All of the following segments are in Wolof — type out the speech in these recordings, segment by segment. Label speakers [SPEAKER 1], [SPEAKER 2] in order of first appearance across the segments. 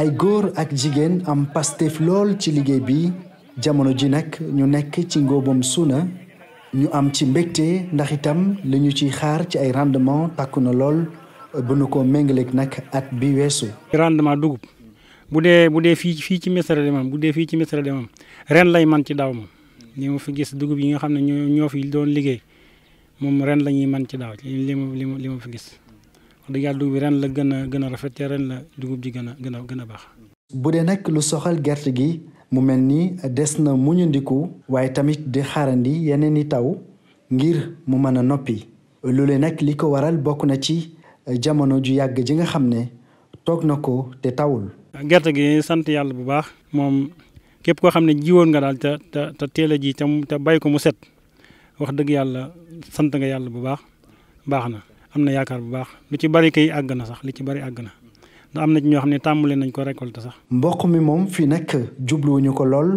[SPEAKER 1] ay góor ak jigéen am Pastef lool ci liggéey bi jamono ji nag ñu nekk ci ngóobam suuna ñu am ci mbégte ndax itam li ñu ciy xaar ci ay rendement takku na lool bu nu ko méngaleeg nag ak bi weesu. rendement dugub bu dee
[SPEAKER 2] bu dee fii fii ci Missirah de bu dee fii ci Missirah de ren lay man ci daaw ma li ma fi gis dugub yi nga xam ne ñoo ñoo fi doon liggéey moom ren lañuy ñuy man ci daaw li li li ma fi gis. wax dëgg yàlla dugub bi ren la gën a gën a rafet te ren la dugub ji gën a gën a gën a baax.
[SPEAKER 1] bu dee nag lu soxal gerte gi mu mel ni des na muñandiku waaye tamit di xarandi yeneen i taw ngir mu mën a noppi loolee nag li ko waral bokk na ci eh, jamono ju yàgg ji nga xam ne toog na ko te tawul.
[SPEAKER 2] gerte gi sant yàlla bu baax moom képp koo xam ne jiwoon nga daal te te te teel a ji te bay ko mu set wax dëgg yàlla sant nga yàlla bu baax baax na. am na yaakaar bu baax lu ci bari kay àgg na sax li ci bari àgg na ndax am na ci ñoo xam ne tàmbali nañ ko récolte sax.
[SPEAKER 1] mboq mi moom fii nag jubluwuñu ko lool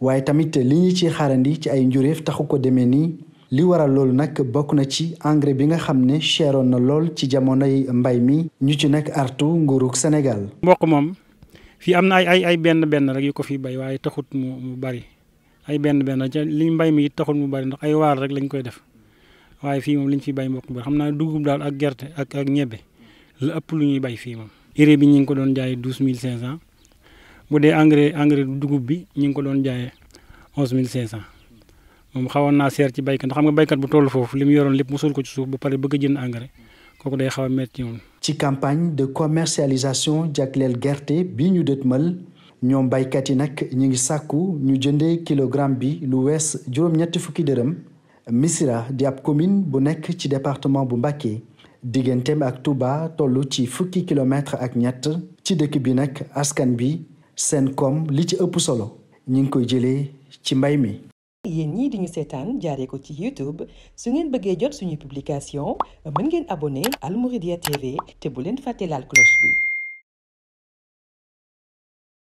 [SPEAKER 1] waaye tamit li ñu ciy xaarandi ci ay njuréef taxu ko demee nii li waral loolu nag bokk na ci engrais bi nga xam ne cheroon na lool ci jamonoy mbay mi ñu ci nag artu nguurug Sénégal. mboq moom fii
[SPEAKER 2] am na ay ay benn benn rek yu ko fi bay waaye taxut mu mu bari ay benn benn li mbay mi taxut mu bari ndax ay waar rek lañ koy def. waaye fii moom li ñu fi bay mbokk ba xam naa dugub daal ak gerte ak ak ñebe la ëpp lu ñuy bay fii moom. urée bi ñu ngi ko doon jaayee douze mille cinq cent bu dee engrais engrais dugub bi ñu ngi ko doon jaayee onze mille cinq cent moom xawoon naa seer ci baykat xam nga baykat bu toll foofu li mu yoroon lépp mu suul ko ci suuf ba pare bëgg a jënd engrais
[SPEAKER 1] kooku day xaw a metti moom. ci campagne de commercialisation jagleel gerte bi ñu dëtmal ñoom baykat yi nag ñu ngi sàkku ñu jëndee gramme bi lu wees juróom-ñetti fukki dërëm. Missirah di ab commune bu nekk ci département bu Mbacké digganteem ak Touba toll ci fukki kilomètre ak ñett ci dëkk bi nag askan bi seen koom li ci ëpp solo ñi ngi koy jëlee ci mbay mi. yéen ñii di ñu seetaan jaaree ko ci YouTube su ngeen bëggee jot suñu publication mën ngeen abonné Al Mouridiyyah TV te bu leen fàtte laal cloche bi.